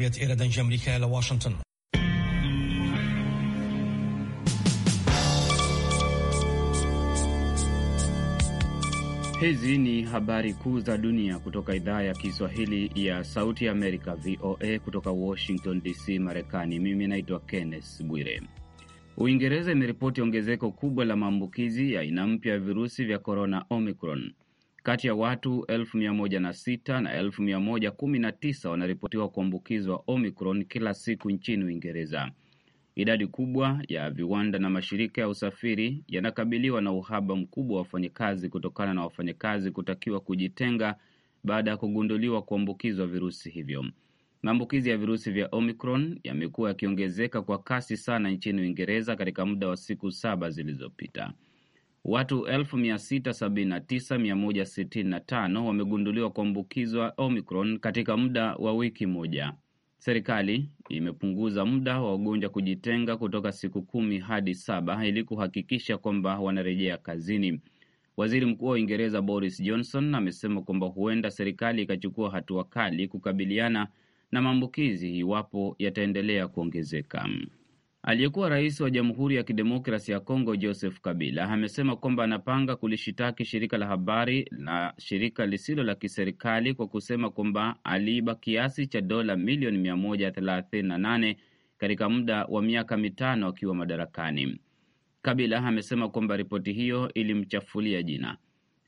ቤት ኤረደን ጀምሪ ከዋሽንግተን Hizi ni habari kuu za dunia kutoka idhaa ya Kiswahili ya Sauti ya Amerika, VOA, kutoka Washington DC, Marekani. Mimi naitwa Kenneth Bwire. Uingereza imeripoti ongezeko kubwa la maambukizi ya aina mpya ya virusi vya korona, Omicron. Kati ya watu elfu mia moja na sita na elfu mia moja kumi na tisa wanaripotiwa kuambukizwa Omicron kila siku nchini Uingereza. Idadi kubwa ya viwanda na mashirika ya usafiri yanakabiliwa na uhaba mkubwa wa wafanyakazi kutokana na wafanyakazi kutakiwa kujitenga baada ya kugunduliwa kuambukizwa virusi hivyo. Maambukizi ya virusi vya Omicron yamekuwa yakiongezeka kwa kasi sana nchini Uingereza katika muda wa siku saba zilizopita. Watu 679165 wamegunduliwa kuambukizwa Omicron katika muda wa wiki moja. Serikali imepunguza muda wa wagonjwa kujitenga kutoka siku kumi hadi saba ili kuhakikisha kwamba wanarejea kazini. Waziri Mkuu wa Uingereza Boris Johnson amesema kwamba huenda serikali ikachukua hatua kali kukabiliana na maambukizi iwapo yataendelea kuongezeka. Aliyekuwa rais wa Jamhuri ya Kidemokrasi ya Kongo Joseph Kabila amesema kwamba anapanga kulishitaki shirika la habari na shirika lisilo la kiserikali kwa kusema kwamba aliiba kiasi cha dola milioni 138 katika muda wa miaka mitano akiwa madarakani. Kabila amesema kwamba ripoti hiyo ilimchafulia jina.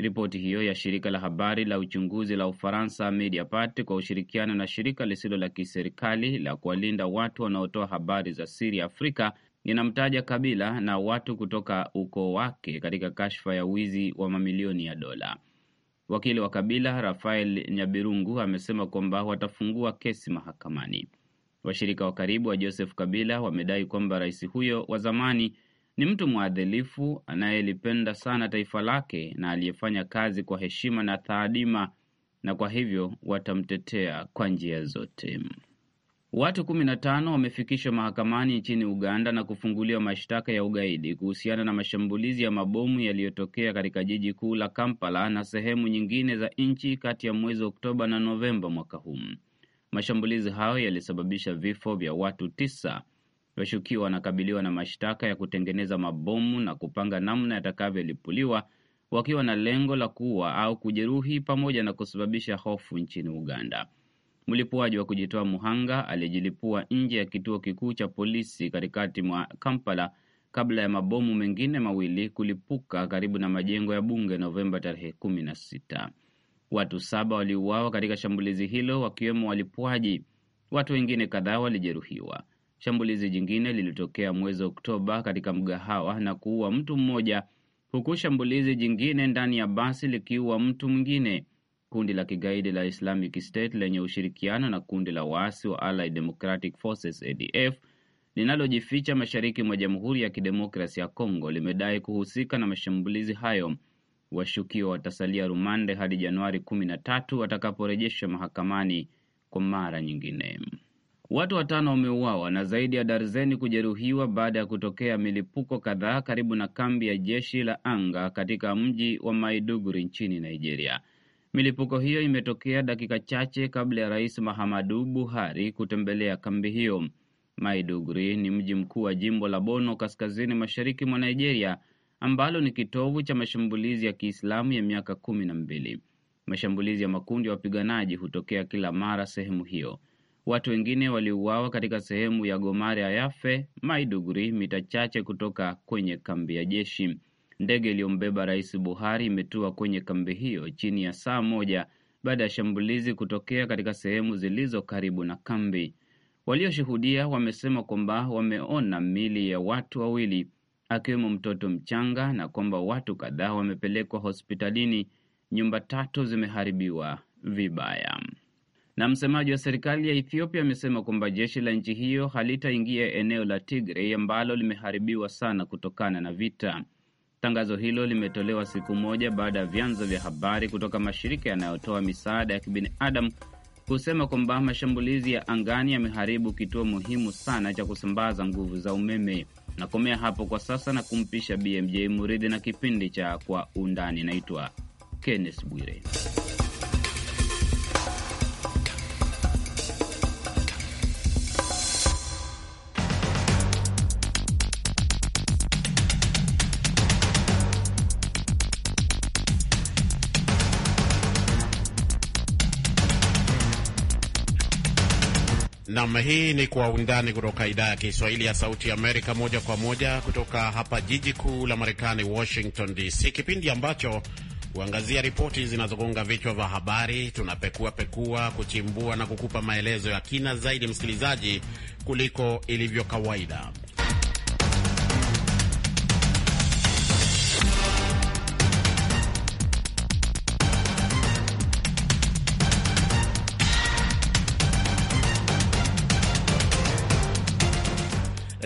Ripoti hiyo ya shirika la habari la uchunguzi la Ufaransa Mediapart kwa ushirikiano na shirika lisilo la kiserikali la kuwalinda watu wanaotoa habari za siri Afrika inamtaja Kabila na watu kutoka ukoo wake katika kashfa ya wizi wa mamilioni ya dola. Wakili wa Kabila Rafael Nyabirungu amesema kwamba watafungua kesi mahakamani. Washirika wa karibu wa Joseph Kabila wamedai kwamba rais huyo wa zamani ni mtu mwadhilifu anayelipenda sana taifa lake na aliyefanya kazi kwa heshima na taadima, na kwa hivyo watamtetea kwa njia zote. Watu kumi na tano wamefikishwa mahakamani nchini Uganda na kufunguliwa mashtaka ya ugaidi kuhusiana na mashambulizi ya mabomu yaliyotokea katika jiji kuu la Kampala na sehemu nyingine za nchi kati ya mwezi Oktoba na Novemba mwaka huu. Mashambulizi hayo yalisababisha vifo vya watu tisa Washukiwa wanakabiliwa na mashtaka ya kutengeneza mabomu na kupanga namna yatakavyolipuliwa wakiwa na lengo la kuua au kujeruhi pamoja na kusababisha hofu nchini Uganda. Mlipuaji wa kujitoa muhanga alijilipua nje ya kituo kikuu cha polisi katikati mwa Kampala kabla ya mabomu mengine mawili kulipuka karibu na majengo ya bunge Novemba tarehe kumi na sita. Watu saba waliuawa katika shambulizi hilo wakiwemo walipuaji. Watu wengine kadhaa walijeruhiwa. Shambulizi jingine lilitokea mwezi Oktoba katika mgahawa na kuua mtu mmoja, huku shambulizi jingine ndani ya basi likiua mtu mwingine. Kundi la kigaidi la Islamic State lenye ushirikiano na kundi la waasi wa Allied Democratic Forces ADF linalojificha mashariki mwa Jamhuri ya Kidemokrasi ya Kongo limedai kuhusika na mashambulizi hayo. Washukiwa watasalia rumande hadi Januari kumi na tatu watakaporejeshwa mahakamani kwa mara nyingine. Watu watano wameuawa na zaidi ya darzeni kujeruhiwa baada ya kutokea milipuko kadhaa karibu na kambi ya jeshi la anga katika mji wa Maiduguri nchini Nigeria. Milipuko hiyo imetokea dakika chache kabla ya Rais Mahamadu Buhari kutembelea kambi hiyo. Maiduguri ni mji mkuu wa jimbo la bono kaskazini mashariki mwa Nigeria ambalo ni kitovu cha mashambulizi ya Kiislamu ya miaka kumi na mbili. Mashambulizi ya makundi ya wapiganaji hutokea kila mara sehemu hiyo. Watu wengine waliuawa katika sehemu ya Gomare ya Yafe, Maiduguri, mita chache kutoka kwenye kambi ya jeshi. Ndege iliyombeba Rais Buhari imetua kwenye kambi hiyo chini ya saa moja baada ya shambulizi kutokea katika sehemu zilizo karibu na kambi. Walioshuhudia wamesema kwamba wameona mili ya watu wawili akiwemo mtoto mchanga na kwamba watu kadhaa wamepelekwa hospitalini. Nyumba tatu zimeharibiwa vibaya na msemaji wa serikali ya Ethiopia amesema kwamba jeshi la nchi hiyo halitaingia eneo la tigre ambalo limeharibiwa sana kutokana na vita. Tangazo hilo limetolewa siku moja baada ya vyanzo vya habari kutoka mashirika yanayotoa misaada ya kibinadamu kusema kwamba mashambulizi ya angani yameharibu kituo muhimu sana cha kusambaza nguvu za umeme. Nakomea hapo kwa sasa na kumpisha BMJ Muridhi na kipindi cha Kwa Undani. Naitwa Kenneth Bwire. Nam, hii ni Kwa Undani kutoka idhaa ya Kiswahili ya Sauti Amerika, moja kwa moja kutoka hapa jiji kuu la Marekani, Washington DC, kipindi ambacho huangazia ripoti zinazogonga vichwa vya habari. Tunapekua pekua, kuchimbua na kukupa maelezo ya kina zaidi, msikilizaji, kuliko ilivyo kawaida.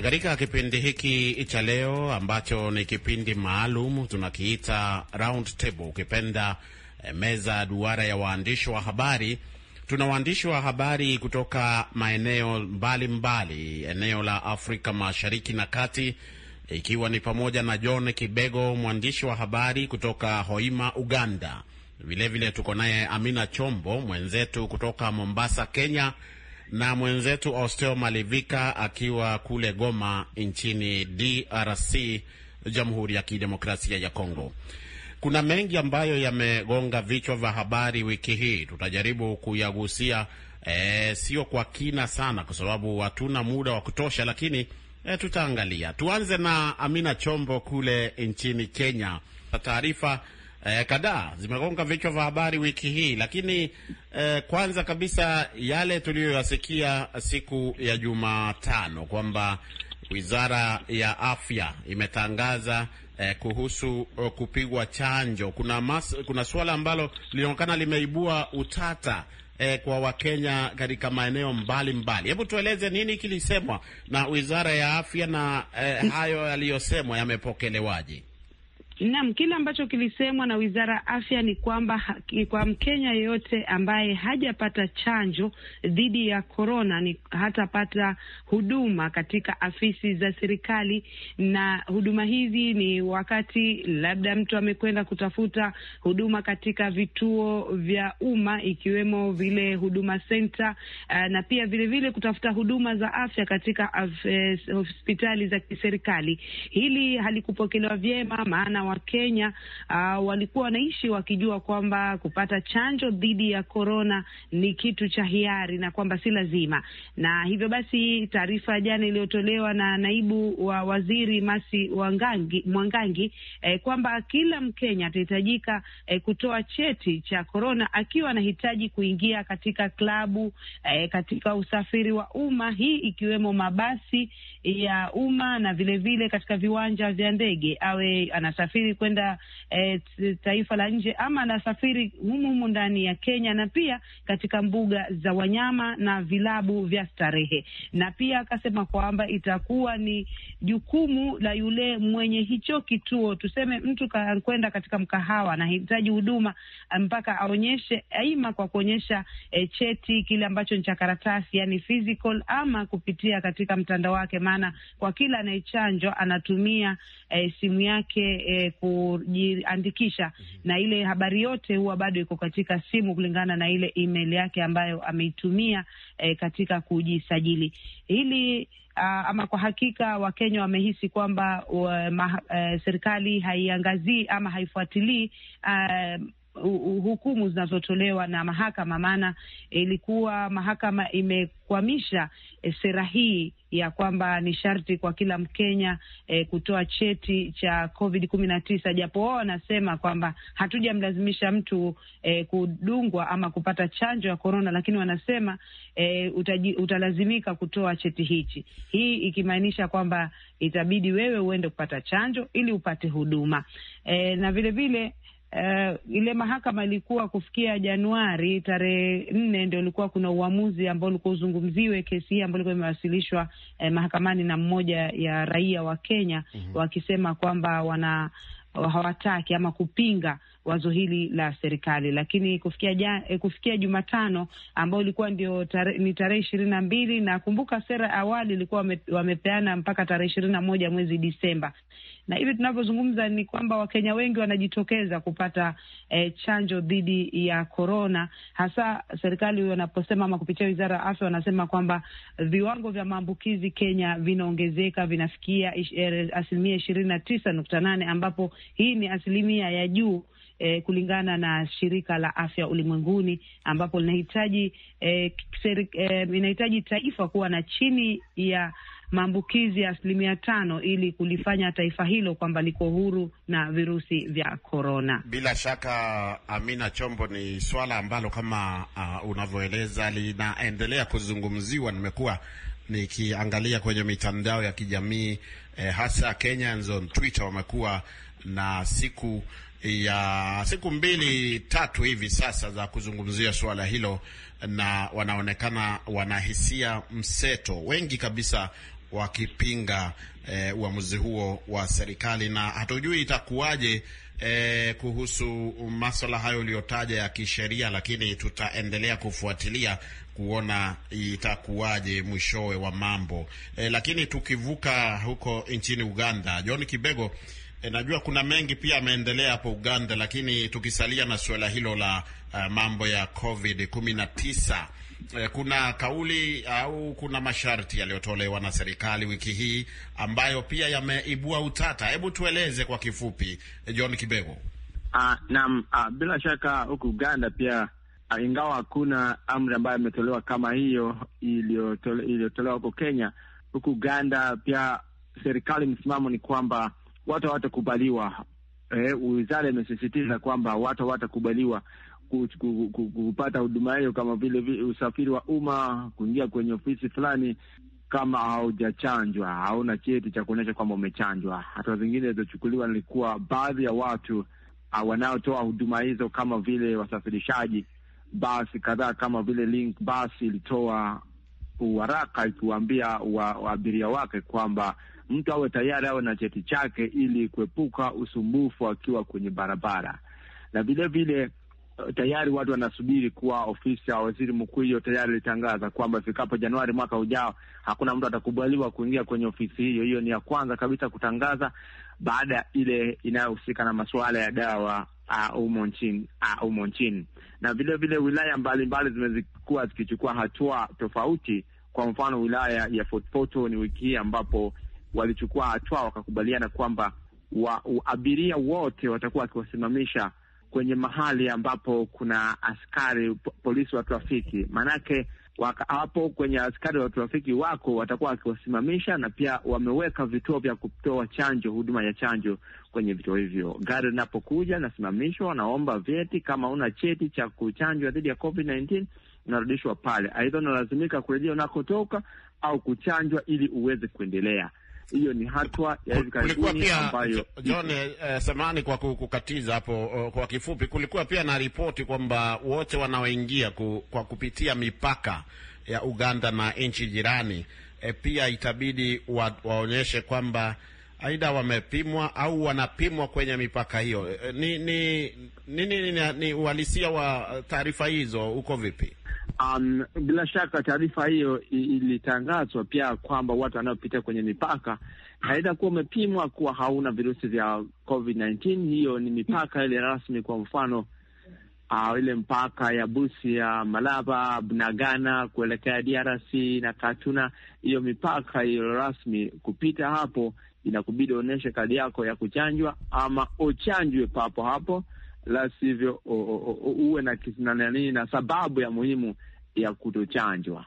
Katika kipindi hiki cha leo ambacho ni kipindi maalum tunakiita round table, ukipenda eh, meza duara ya waandishi wa habari. Tuna waandishi wa habari kutoka maeneo mbalimbali mbali, eneo la Afrika Mashariki na Kati, ikiwa ni pamoja na John Kibego, mwandishi wa habari kutoka Hoima, Uganda. Vilevile tuko naye Amina Chombo mwenzetu kutoka Mombasa, Kenya na mwenzetu Osteo Malivika akiwa kule Goma nchini DRC, Jamhuri ya Kidemokrasia ya Kongo. Kuna mengi ambayo yamegonga vichwa vya habari wiki hii, tutajaribu kuyagusia e, sio kwa kina sana, kwa sababu hatuna muda wa kutosha, lakini e, tutaangalia. Tuanze na Amina Chombo kule nchini Kenya, taarifa eh, kadhaa zimegonga vichwa vya habari wiki hii, lakini eh, kwanza kabisa yale tuliyoyasikia siku ya Jumatano kwamba Wizara ya Afya imetangaza eh, kuhusu eh, kupigwa chanjo. Kuna, mas, kuna suala ambalo lilionekana limeibua utata eh, kwa Wakenya katika maeneo mbalimbali. Hebu tueleze nini kilisemwa na Wizara ya Afya na eh, hayo yaliyosemwa yamepokelewaje? Naam, kile ambacho kilisemwa na Wizara ya Afya ni kwamba kwa Mkenya yeyote ambaye hajapata chanjo dhidi ya korona ni hatapata huduma katika afisi za serikali, na huduma hizi ni wakati labda mtu amekwenda kutafuta huduma katika vituo vya umma ikiwemo vile Huduma Center, eh, na pia vilevile vile kutafuta huduma za afya katika eh, hospitali za kiserikali. Hili halikupokelewa vyema maana Wakenya uh, ah, walikuwa wanaishi wakijua kwamba kupata chanjo dhidi ya korona ni kitu cha hiari na kwamba si lazima, na hivyo basi taarifa jana iliyotolewa na naibu wa waziri Masi Wangangi, Mwangangi eh, kwamba kila Mkenya atahitajika eh, kutoa cheti cha korona akiwa anahitaji kuingia katika klabu eh, katika usafiri wa umma, hii ikiwemo mabasi ya umma na vilevile vile katika viwanja vya ndege awe anasafiri anasafiri kwenda e, taifa la nje ama anasafiri humu humu ndani ya Kenya, na pia katika mbuga za wanyama na vilabu vya starehe. Na pia akasema kwamba itakuwa ni jukumu la yule mwenye hicho kituo. Tuseme mtu kwenda katika mkahawa anahitaji huduma eh, mpaka aonyeshe aima kwa kuonyesha e, cheti kile ambacho ni cha karatasi, yani physical, ama kupitia katika mtandao wake, maana kwa kila anayechanjwa anatumia e, simu yake e, kujiandikisha, mm -hmm. na ile habari yote huwa bado iko katika simu kulingana na ile email yake ambayo ameitumia e, katika kujisajili hili Uh, ama kwa hakika Wakenya wamehisi kwamba uh, ma, uh, serikali haiangazii ama haifuatilii uh, hukumu zinazotolewa na mahakama, maana ilikuwa mahakama imekwamisha e, sera hii ya kwamba ni sharti kwa kila Mkenya e, kutoa cheti cha COVID kumi na tisa, japo wao wanasema kwamba hatujamlazimisha mtu e, kudungwa ama kupata chanjo ya korona, lakini wanasema e, utaji, utalazimika kutoa cheti hichi, hii ikimaanisha kwamba itabidi wewe uende kupata chanjo ili upate huduma e, na vilevile Uh, ile mahakama ilikuwa kufikia Januari tarehe nne ndio ilikuwa kuna uamuzi ambao ulikuwa uzungumziwe kesi hii ambayo ilikuwa imewasilishwa eh, mahakamani na mmoja ya raia wa Kenya mm -hmm. wakisema kwamba wana hawataki ama kupinga wazo hili la serikali, lakini kufikia ja, eh, kufikia Jumatano ambayo ilikuwa ndio tare, ni tarehe ishirini na mbili na kumbuka sera awali ilikuwa wame, wamepeana mpaka tarehe ishirini na moja mwezi Disemba, na hivi tunavyozungumza ni kwamba Wakenya wengi wanajitokeza kupata eh, chanjo dhidi ya korona, hasa serikali wanaposema ama kupitia wizara ya afya wanasema kwamba viwango vya maambukizi Kenya vinaongezeka vinafikia eh, asilimia ishirini na tisa nukta nane ambapo hii ni asilimia ya juu eh, kulingana na shirika la afya ulimwenguni, ambapo linahitaji eh, eh inahitaji taifa kuwa na chini ya maambukizi ya asilimia tano ili kulifanya taifa hilo kwamba liko huru na virusi vya korona. Bila shaka, Amina Chombo, ni swala ambalo kama uh, unavyoeleza linaendelea kuzungumziwa. Nimekuwa nikiangalia kwenye mitandao ya kijamii eh, hasa Kenyans on Twitter wamekuwa na siku ya siku mbili tatu hivi sasa za kuzungumzia suala hilo, na wanaonekana wanahisia mseto wengi kabisa wakipinga eh, uamuzi huo wa serikali, na hatujui itakuwaje eh, kuhusu maswala hayo uliyotaja ya kisheria, lakini tutaendelea kufuatilia kuona itakuwaje mwishowe wa mambo eh, lakini tukivuka huko nchini Uganda, John Kibego E, najua kuna mengi pia yameendelea hapo Uganda, lakini tukisalia na suala hilo la uh, mambo ya COVID 19 eh, kuna kauli au kuna masharti yaliyotolewa na serikali wiki hii ambayo pia yameibua utata. Hebu tueleze kwa kifupi, John Kibego. Uh, naam, uh, bila shaka huku Uganda pia uh, ingawa hakuna amri ambayo imetolewa kama hiyo iliyotolewa huko Kenya, huku Uganda pia serikali msimamo ni kwamba watu hawatakubaliwa. Eh, wizara imesisitiza kwamba watu hawatakubaliwa kupata huduma hiyo kama vile usafiri wa umma, kuingia kwenye ofisi fulani kama haujachanjwa, hauna cheti cha kuonyesha kwamba umechanjwa. Hatua zingine zilizochukuliwa nilikuwa baadhi ya watu ah, wanaotoa huduma hizo kama vile wasafirishaji basi kadhaa kama vile Link basi ilitoa waraka ikiwaambia wa, wa abiria wake kwamba mtu awe tayari awe na cheti chake ili kuepuka usumbufu akiwa kwenye barabara, na vilevile eh, tayari watu wanasubiri kuwa ofisi ya waziri mkuu hiyo tayari ilitangaza kwamba ifikapo Januari mwaka ujao hakuna mtu atakubaliwa kuingia kwenye ofisi hiyo. Hiyo ni ya kwanza kabisa kutangaza baada ya ile inayohusika na masuala ya dawa humo nchini humo nchini. Na vilevile wilaya mbalimbali zimekuwa zikichukua hatua tofauti. Kwa mfano wilaya ya Fort Portal ni wiki hii ambapo walichukua hatua wakakubaliana kwamba wa, abiria wote watakuwa wakiwasimamisha kwenye mahali ambapo kuna askari polisi wa trafiki. Maanake hapo kwenye askari wa trafiki wako watakuwa wakiwasimamisha, na pia wameweka vituo vya kutoa chanjo, huduma ya chanjo kwenye vituo hivyo. Gari linapokuja linasimamishwa, wanaomba vyeti. Kama una cheti cha kuchanjwa dhidi ya COVID unarudishwa pale, aidha unalazimika kurejea unakotoka au kuchanjwa ili uweze kuendelea hiyo ni hatua ya hivi karibuni ambayo John, eh, eh samani kwa kukatiza hapo. Uh, kwa kifupi, kulikuwa pia na ripoti kwamba wote wanaoingia ku, kwa kupitia mipaka ya Uganda na nchi jirani e, pia itabidi wa, waonyeshe kwamba aidha wamepimwa au wanapimwa kwenye mipaka hiyo. Eh, ni, ni, ni, ni, ni, ni uhalisia wa taarifa hizo uko vipi? Um, bila shaka taarifa hiyo ilitangazwa pia kwamba watu wanaopita kwenye mipaka aidha kuwa umepimwa kuwa hauna virusi vya COVID-19. Hiyo ni mipaka ile rasmi, kwa mfano uh, ile mpaka ya Busi ya Malaba, Bunagana kuelekea DRC na Katuna. Hiyo mipaka hiyo rasmi, kupita hapo inakubidi uonyeshe kadi yako ya kuchanjwa ama uchanjwe papo hapo la sivyo uwe na nini na sababu ya muhimu ya kutochanjwa.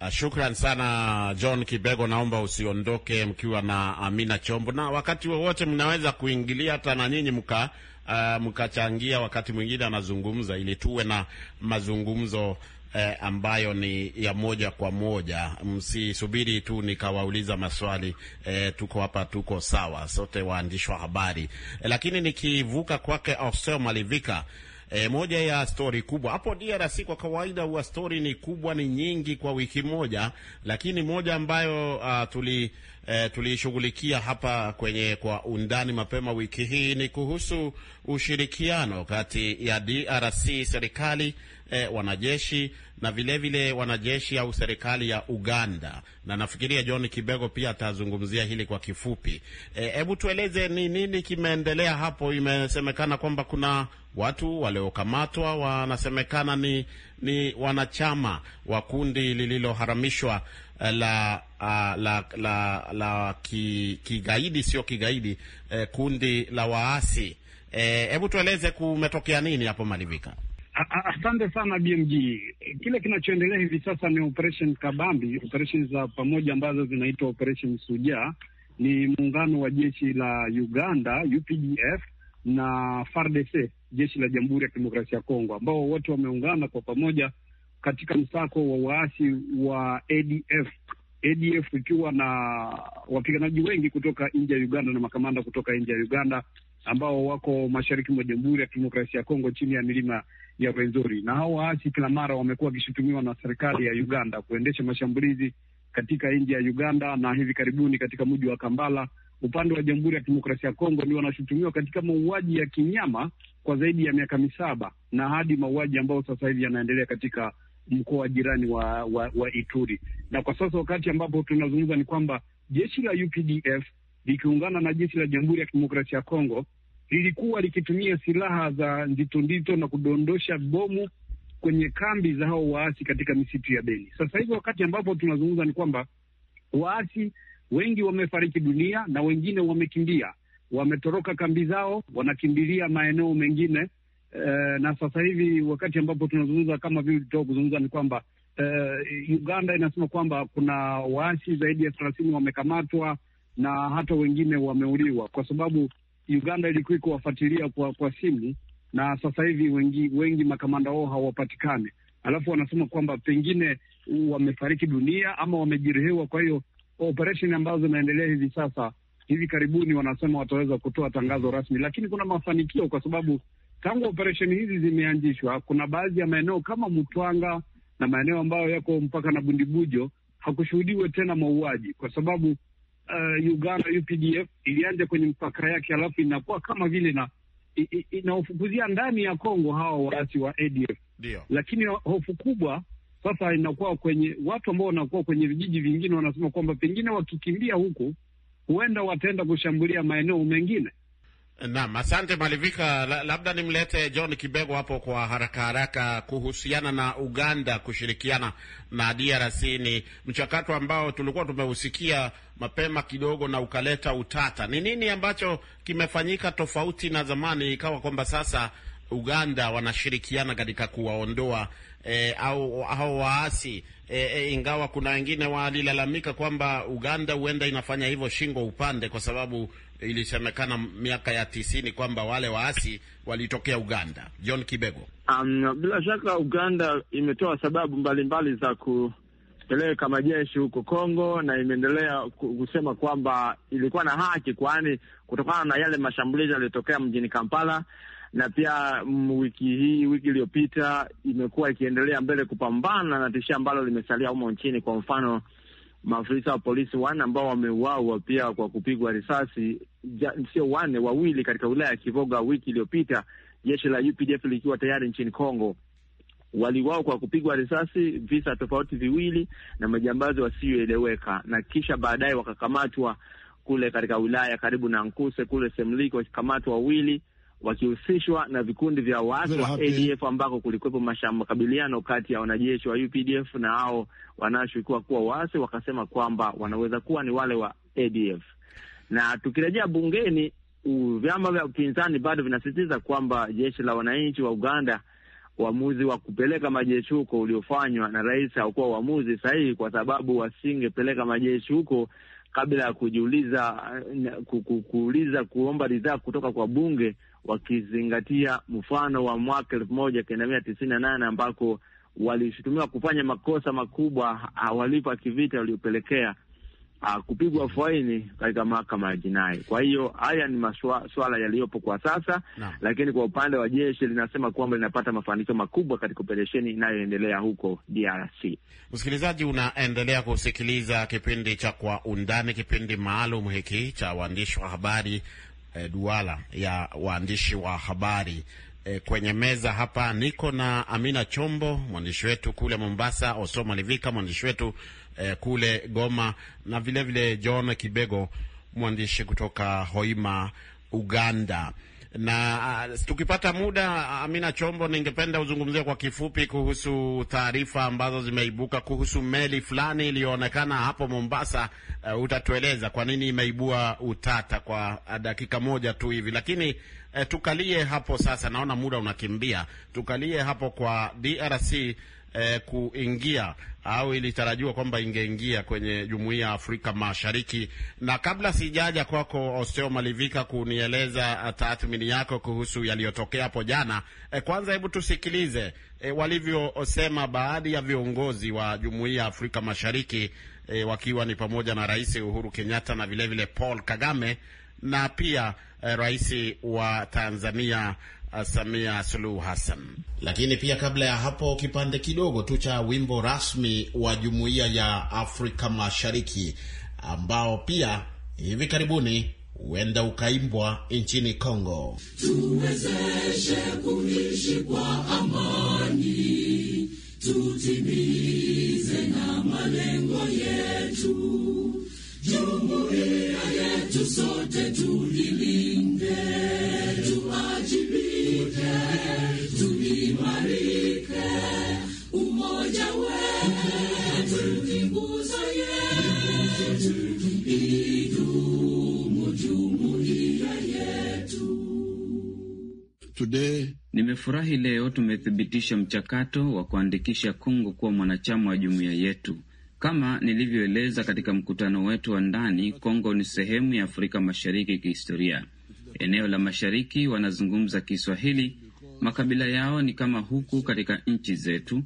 Ah, shukran sana John Kibego, naomba usiondoke mkiwa na Amina Chombo, na wakati wowote mnaweza kuingilia hata na nyinyi mka uh, mkachangia wakati mwingine anazungumza, ili tuwe na mazungumzo eh, ambayo ni ya moja kwa moja. Msisubiri tu nikawauliza maswali eh, tuko hapa, tuko sawa sote waandishi wa habari eh, lakini nikivuka kwake Austel Malivika. E, moja ya stori kubwa hapo DRC kwa kawaida huwa stori ni kubwa, ni nyingi kwa wiki moja, lakini moja ambayo uh, tuli E, tulishughulikia hapa kwenye kwa undani mapema wiki hii ni kuhusu ushirikiano kati ya DRC serikali eh, wanajeshi na vilevile vile wanajeshi au serikali ya Uganda, na nafikiria John Kibego pia atazungumzia hili kwa kifupi. Eh, hebu tueleze ni nini kimeendelea hapo. Imesemekana kwamba kuna watu waliokamatwa wanasemekana ni, ni wanachama wa kundi lililoharamishwa eh, la, la, ah, la, la, la ki, kigaidi sio kigaidi eh, kundi la waasi. Eh, hebu eh, tueleze kumetokea nini hapo Malivika? Asante sana BMG. Kile kinachoendelea hivi sasa ni operation kabambi, operation za pamoja ambazo zinaitwa operation suja Ni muungano wa jeshi la Uganda UPDF na FARDC, jeshi la Jamhuri ya Kidemokrasia ya Kongo, ambao wote wameungana kwa pamoja katika msako wa waasi wa ADF, ADF ikiwa na wapiganaji wengi kutoka nje ya Uganda na makamanda kutoka nje ya Uganda ambao wako mashariki mwa Jamhuri ya Kidemokrasia ya Kongo chini ya milima ya Rwenzori. Na hao waasi kila mara wamekuwa wakishutumiwa na serikali ya Uganda kuendesha mashambulizi katika nchi ya Uganda na hivi karibuni katika mji wa kambala Upande wa Jamhuri ya Kidemokrasia ya Kongo ndio wanashutumiwa katika mauaji ya kinyama kwa zaidi ya miaka misaba na hadi mauaji ambayo sasa hivi yanaendelea katika mkoa wa jirani wa, wa Ituri. Na kwa sasa wakati ambapo tunazungumza ni kwamba jeshi la UPDF likiungana na jeshi la Jamhuri ya Kidemokrasia ya Kongo lilikuwa likitumia silaha za nzito nzito na kudondosha bomu kwenye kambi za hao waasi katika misitu ya Beni. Sasa hivi wakati ambapo tunazungumza ni kwamba waasi wengi wamefariki dunia na wengine wamekimbia, wametoroka kambi zao, wanakimbilia maeneo mengine. E, na sasa hivi wakati ambapo tunazungumza kama vile tulitoka kuzungumza ni kwamba e, Uganda inasema kwamba kuna waasi zaidi ya thelathini wamekamatwa na hata wengine wameuliwa, kwa sababu Uganda ilikuwa ikuwafuatilia kwa, kwa simu na sasa hivi wengi, wengi makamanda wao hawapatikani, alafu wanasema kwamba pengine wamefariki dunia ama wamejeruhiwa. Kwa hiyo operesheni ambazo zinaendelea hivi sasa, hivi karibuni, wanasema wataweza kutoa tangazo rasmi, lakini kuna mafanikio kwa sababu tangu operesheni hizi zimeanzishwa, kuna baadhi ya maeneo kama Mtwanga na maeneo ambayo yako mpaka na Bundibujo hakushuhudiwe tena mauaji, kwa sababu uh, Uganda UPDF ilianja kwenye mpaka yake, alafu inakuwa kama vile na inaofukuzia ndani ya Kongo hawa waasi wa ADF. Dio. Lakini hofu kubwa sasa inakuwa kwenye watu ambao wanakuwa kwenye vijiji vingine, wanasema kwamba pengine wakikimbia huku huenda wataenda kushambulia maeneo mengine. Naam, asante Malivika. Labda nimlete John Kibego hapo kwa haraka haraka kuhusiana na Uganda kushirikiana na DRC. Ni mchakato ambao tulikuwa tumeusikia mapema kidogo na ukaleta utata. Ni nini ambacho kimefanyika tofauti na zamani, ikawa kwamba sasa Uganda wanashirikiana katika kuwaondoa eh, au hao waasi e, e, ingawa kuna wengine walilalamika kwamba Uganda huenda inafanya hivyo shingo upande, kwa sababu ilisemekana miaka ya tisini kwamba wale waasi walitokea Uganda. John Kibego, um, bila shaka Uganda imetoa sababu mbalimbali mbali za ku peleka majeshi huko Kongo na imeendelea kusema kwamba ilikuwa na haki, kwani kutokana na yale mashambulizi yaliyotokea mjini Kampala na pia wiki hii, wiki iliyopita imekuwa ikiendelea mbele kupambana na tishia ambalo limesalia humo nchini. Kwa mfano, maafisa wa polisi wanne ambao wameuawa pia kwa kupigwa risasi, sio wanne, wawili katika wilaya ya Kivoga wiki iliyopita, jeshi la UPDF likiwa tayari nchini congo waliwao kwa kupigwa risasi, visa tofauti viwili na majambazi wasioeleweka, na kisha baadaye wakakamatwa kule katika wilaya karibu na Nkuse kule Semliki, wakikamatwa wawili wakihusishwa na vikundi vya waasi wa ADF ambako kulikuwepo makabiliano kati ya wanajeshi wa UPDF na hao wanaoshukiwa kuwa waasi, wakasema kwamba wanaweza kuwa ni wale wa ADF. Na tukirejea bungeni, vyama vya upinzani bado vinasisitiza kwamba jeshi la wananchi wa Uganda, uamuzi wa kupeleka majeshi huko uliofanywa na rais haukuwa uamuzi sahihi, kwa sababu wasingepeleka majeshi huko kabla ya kujiuliza eh, kuuliza kuomba ridhaa kutoka kwa bunge wakizingatia mfano wa mwaka elfu moja kenda mia tisini na nane ambako walishutumiwa kufanya makosa makubwa ah, walipa kivita waliopelekea ah, kupigwa faini katika mahakama ya jinai. Kwa hiyo haya ni masuala yaliyopo kwa sasa na, lakini kwa upande wa jeshi linasema kwamba linapata mafanikio makubwa katika operesheni inayoendelea huko DRC. Msikilizaji, unaendelea kusikiliza kipindi cha Kwa Undani, kipindi maalum hiki cha waandishi wa habari eh, duala ya waandishi wa habari eh, kwenye meza hapa niko na Amina Chombo, mwandishi wetu kule Mombasa, Oso Malivika, mwandishi wetu eh, kule Goma, na vilevile vile John Kibego, mwandishi kutoka Hoima, Uganda. Na uh, tukipata muda, Amina Chombo, ningependa uzungumzie kwa kifupi kuhusu taarifa ambazo zimeibuka kuhusu meli fulani iliyoonekana hapo Mombasa. Uh, utatueleza kwa nini imeibua utata kwa dakika moja tu hivi, lakini uh, tukalie hapo sasa, naona muda unakimbia, tukalie hapo kwa DRC uh, e, kuingia au ilitarajiwa kwamba ingeingia kwenye jumuiya ya Afrika Mashariki. Na kabla sijaja kwako Osteo Malivika kunieleza uh, tathmini yako kuhusu yaliyotokea hapo jana, e, kwanza hebu tusikilize e, walivyosema baadhi ya viongozi wa jumuiya ya Afrika Mashariki e, wakiwa ni pamoja na Rais Uhuru Kenyatta na vilevile vile Paul Kagame na pia e, rais wa Tanzania Samia Suluhu Hassan. Lakini pia kabla ya hapo, kipande kidogo tu cha wimbo rasmi wa Jumuiya ya Afrika Mashariki ambao pia hivi karibuni huenda ukaimbwa nchini Kongo. Tuwezeshe kuishi kwa amani, tutimize na malengo yetu, jumuiya yetu sote tuilinde Today, nimefurahi leo tumethibitisha mchakato wa kuandikisha Kongo kuwa mwanachama wa jumuiya yetu. Kama nilivyoeleza katika mkutano wetu wa ndani, Kongo ni sehemu ya Afrika Mashariki kihistoria. Eneo la mashariki wanazungumza Kiswahili, makabila yao ni kama huku katika nchi zetu,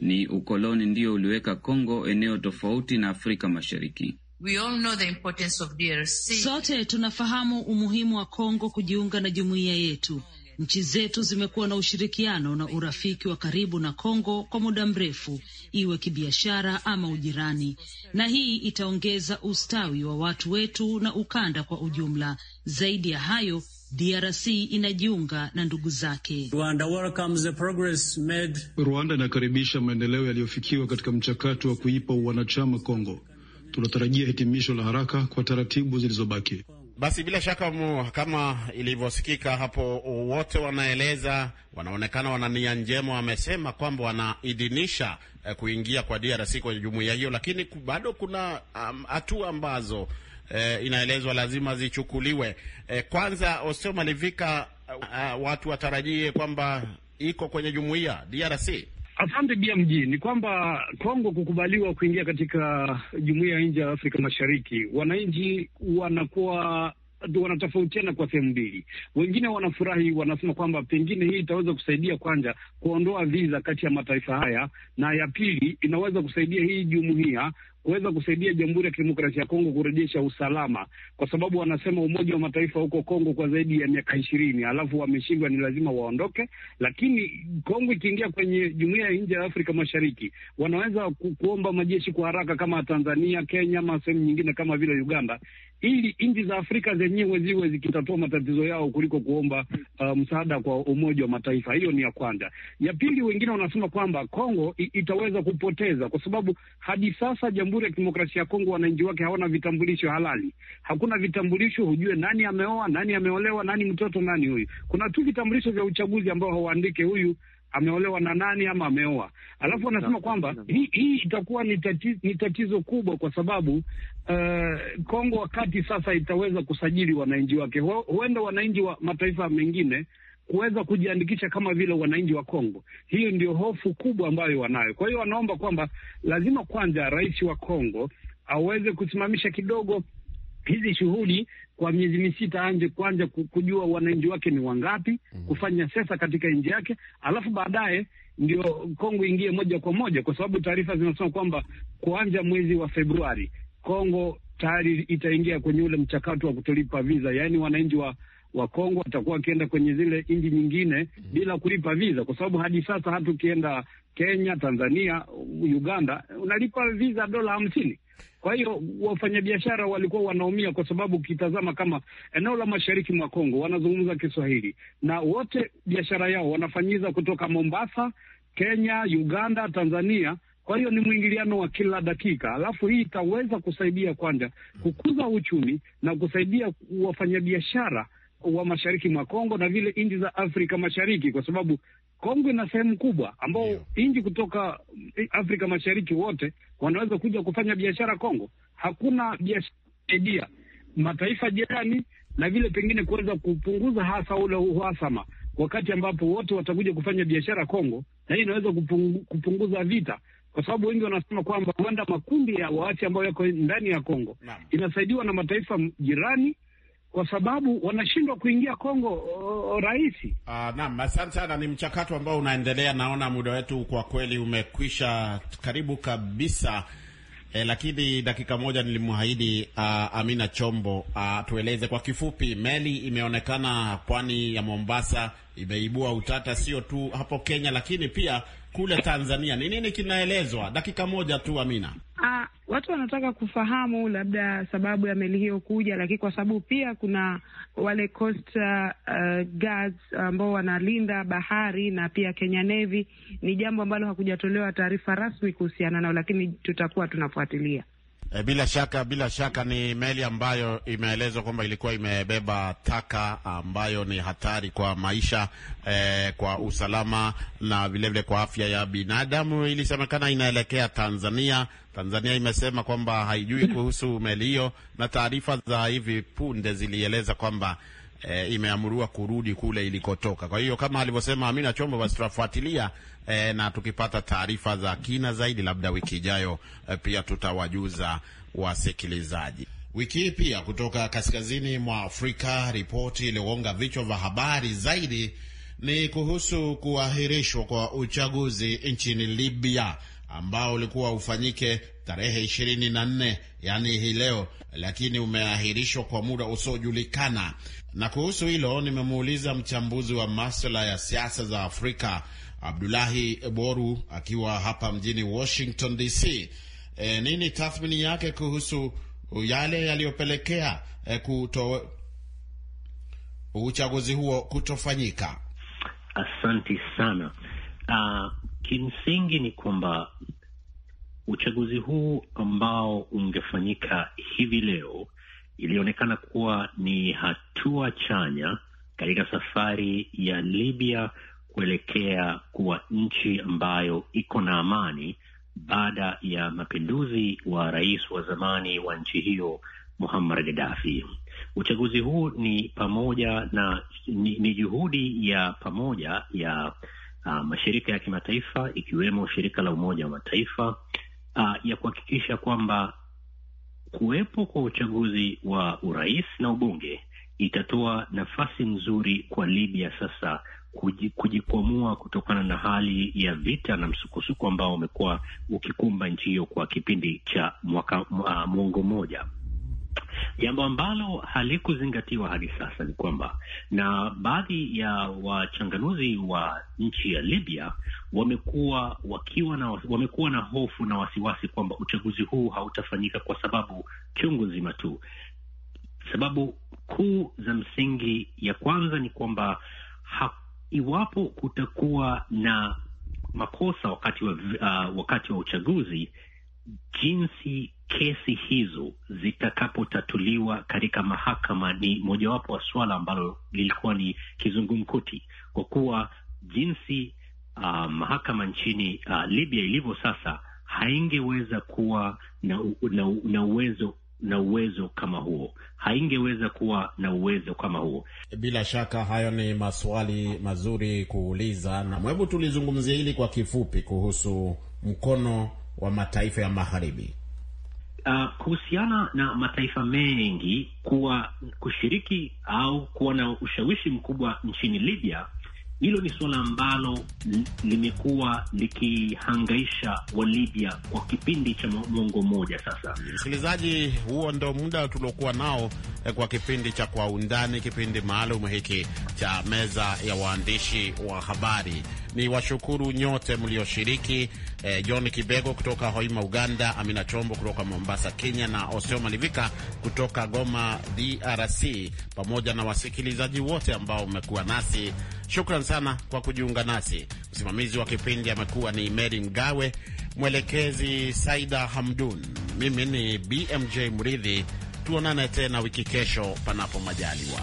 ni ukoloni ndio uliweka Kongo eneo tofauti na Afrika Mashariki. We all know the importance of DRC. Sote tunafahamu umuhimu wa Kongo kujiunga na jumuiya yetu. Nchi zetu zimekuwa na ushirikiano na urafiki wa karibu na Kongo kwa muda mrefu, iwe kibiashara ama ujirani, na hii itaongeza ustawi wa watu wetu na ukanda kwa ujumla. Zaidi ya hayo, DRC inajiunga na ndugu zake Rwanda. welcomes the progress made. Rwanda inakaribisha maendeleo yaliyofikiwa katika mchakato wa kuipa wanachama Kongo. Tunatarajia hitimisho la haraka kwa taratibu zilizobaki. Basi bila shaka mu, kama ilivyosikika hapo, wote wanaeleza wanaonekana wana nia njema, wamesema kwamba wanaidhinisha eh, kuingia kwa DRC kwenye jumuiya hiyo, lakini bado kuna um, hatua um, ambazo eh, inaelezwa lazima zichukuliwe. Eh, kwanza Osteo Malivika, uh, uh, watu watarajie kwamba iko kwenye jumuiya DRC Asante bia ni kwamba Kongo kukubaliwa kuingia katika jumuiya ya nje ya Afrika Mashariki, wananchi wanakuwa wanatofautiana kwa sehemu mbili. Wengine wanafurahi, wanasema kwamba pengine hii itaweza kusaidia kwanza kuondoa viza kati ya mataifa haya, na ya pili inaweza kusaidia hii jumuiya kuweza kusaidia Jamhuri ya Kidemokrasia ya Kongo kurejesha usalama, kwa sababu wanasema Umoja wa Mataifa huko Kongo kwa zaidi ya miaka ishirini alafu wameshindwa, ni lazima waondoke. Lakini Kongo ikiingia kwenye jumuiya ya nje ya Afrika Mashariki wanaweza ku, kuomba majeshi kwa haraka kama Tanzania, Kenya ama sehemu nyingine kama vile Uganda ili nchi za Afrika zenyewe ziwe zikitatua matatizo yao kuliko kuomba uh, msaada kwa Umoja wa Mataifa. Hiyo ni ya kwanza. Ya pili, wengine wanasema kwamba Kongo itaweza kupoteza kwa sababu hadi sasa Jamhuri ya Kidemokrasia ya Kongo wananchi wake hawana vitambulisho halali. Hakuna vitambulisho, hujue nani ameoa, nani ameolewa, nani mtoto, nani huyu. Kuna tu vitambulisho vya uchaguzi ambao hawaandike huyu ameolewa na nani ama ameoa, alafu wanasema kwamba hii hii itakuwa ni tatizo, ni tatizo kubwa kwa sababu uh, Kongo wakati sasa itaweza kusajili wananchi wake, huenda wananchi wa mataifa mengine kuweza kujiandikisha kama vile wananchi wa Kongo. Hiyo ndio hofu kubwa ambayo wanayo. Kwa hiyo wanaomba kwamba lazima kwanza rais wa Kongo aweze kusimamisha kidogo hizi shughuli kwa miezi misita anje kwanza kujua wananchi wake ni wangapi, mm -hmm. kufanya sesa katika nchi yake, alafu baadaye ndio Kongo ingie moja kwa moja, kwa sababu taarifa zinasema kwamba kuanja mwezi wa Februari Kongo tayari itaingia kwenye ule mchakato wa kutolipa visa, yaani wananchi wa wa Kongo watakuwa wakienda kwenye zile nchi nyingine mm -hmm. bila kulipa visa, kwa sababu hadi sasa hata ukienda Kenya, Tanzania, Uganda unalipa visa dola hamsini kwa hiyo wafanyabiashara walikuwa wanaumia, kwa sababu ukitazama kama eneo la mashariki mwa Kongo wanazungumza Kiswahili na wote biashara yao wanafanyiza kutoka Mombasa, Kenya, Uganda, Tanzania. Kwa hiyo ni mwingiliano wa kila dakika, alafu hii itaweza kusaidia kwanza kukuza uchumi na kusaidia wafanyabiashara wa mashariki mwa Kongo na vile nchi za Afrika Mashariki, kwa sababu Kongo ina sehemu kubwa ambao yeah, nchi kutoka eh, Afrika Mashariki wote wanaweza kuja kufanya biashara Kongo. Hakuna biashara mataifa jirani, na vile pengine kuweza kupunguza hasa ule uhasama, wakati ambapo wote watakuja kufanya biashara Kongo, na hii inaweza kupungu, kupunguza vita kwa sababu wengi wanasema kwamba huenda makundi ya waasi ambayo yako ndani ya Kongo inasaidiwa na mataifa jirani kwa sababu wanashindwa kuingia Kongo rahisi. Ah, naam, asante sana. Ni mchakato ambao unaendelea. Naona muda wetu kwa kweli umekwisha karibu kabisa. E, lakini dakika moja nilimwahidi uh, Amina Chombo uh, tueleze kwa kifupi. Meli imeonekana pwani ya Mombasa, imeibua utata sio tu hapo Kenya, lakini pia kule Tanzania. Ni nini kinaelezwa? Dakika moja tu, Amina watu wanataka kufahamu labda sababu ya meli hiyo kuja, lakini kwa sababu pia kuna wale costa uh, uh, guards ambao wanalinda bahari na pia Kenya Navy, ni jambo ambalo hakujatolewa taarifa rasmi kuhusiana nao, lakini tutakuwa tunafuatilia. Eh, bila shaka bila shaka ni meli ambayo imeelezwa kwamba ilikuwa imebeba taka ambayo ni hatari kwa maisha e, kwa usalama na vilevile vile kwa afya ya binadamu. Ilisemekana inaelekea Tanzania. Tanzania imesema kwamba haijui kuhusu meli hiyo, na taarifa za hivi punde zilieleza kwamba e, imeamuriwa kurudi kule ilikotoka. Kwa hiyo kama alivyosema Amina Chombo, basi tutafuatilia e, na tukipata taarifa za kina zaidi, labda wiki ijayo e, pia tutawajuza wasikilizaji. Wiki hii pia kutoka kaskazini mwa Afrika, ripoti iliyogonga vichwa vya habari zaidi ni kuhusu kuahirishwa kwa uchaguzi nchini Libya ambao ulikuwa ufanyike tarehe ishirini na yaani hii leo, lakini umeahirishwa kwa muda usiojulikana. Na kuhusu hilo nimemuuliza mchambuzi wa maswala ya siasa za Afrika Abdulahi Boru akiwa hapa mjini Washington DC. E, nini tathmini yake kuhusu yale yaliyopelekea e, kuto uchaguzi huo kutofanyika? Asanti sana. Uh, kimsingi ni kwamba uchaguzi huu ambao ungefanyika hivi leo ilionekana kuwa ni hatua chanya katika safari ya Libya kuelekea kuwa nchi ambayo iko na amani baada ya mapinduzi wa rais wa zamani wa nchi hiyo Muammar Gaddafi. Uchaguzi huu ni pamoja na ni, ni juhudi ya pamoja ya uh, mashirika ya kimataifa ikiwemo shirika la Umoja wa Mataifa uh, ya kuhakikisha kwamba kuwepo kwa uchaguzi wa urais na ubunge itatoa nafasi nzuri kwa Libya sasa kujikwamua kutokana na hali ya vita na msukosuko ambao umekuwa ukikumba nchi hiyo kwa kipindi cha mwaka muongo mmoja. Jambo ambalo halikuzingatiwa hadi sasa ni kwamba, na baadhi ya wachanganuzi wa nchi ya Libya wamekuwa wakiwa na wamekuwa na hofu na wasiwasi kwamba uchaguzi huu hautafanyika kwa sababu chungu nzima tu. Sababu kuu za msingi, ya kwanza ni kwamba ha, iwapo kutakuwa na makosa wakati wa, uh, wakati wa uchaguzi jinsi kesi hizo zitakapotatuliwa katika mahakama ni mojawapo wa suala ambalo lilikuwa ni kizungumkuti, kwa kuwa jinsi uh, mahakama nchini uh, Libya ilivyo sasa haingeweza kuwa na, na, na uwezo na uwezo kama huo, haingeweza kuwa na uwezo kama huo. Bila shaka hayo ni maswali mazuri kuuliza, na hebu tulizungumzia hili kwa kifupi kuhusu mkono wa mataifa ya magharibi. Ah, kuhusiana na mataifa mengi kuwa kushiriki au kuwa na ushawishi mkubwa nchini Libya, hilo ni suala ambalo limekuwa likihangaisha Walibya kwa kipindi cha mwongo mmoja sasa. Msikilizaji, huo ndo muda tuliokuwa nao eh, kwa kipindi cha Kwa Undani, kipindi maalum hiki cha meza ya waandishi wa habari ni washukuru nyote mlioshiriki, eh, John Kibego kutoka Hoima Uganda, Amina Chombo kutoka Mombasa Kenya, na Oseo Malivika kutoka Goma DRC, pamoja na wasikilizaji wote ambao mmekuwa nasi. Shukran sana kwa kujiunga nasi. Msimamizi wa kipindi amekuwa ni Meri Mgawe, mwelekezi Saida Hamdun, mimi ni BMJ Mridhi. Tuonane tena wiki kesho, panapo majaliwa.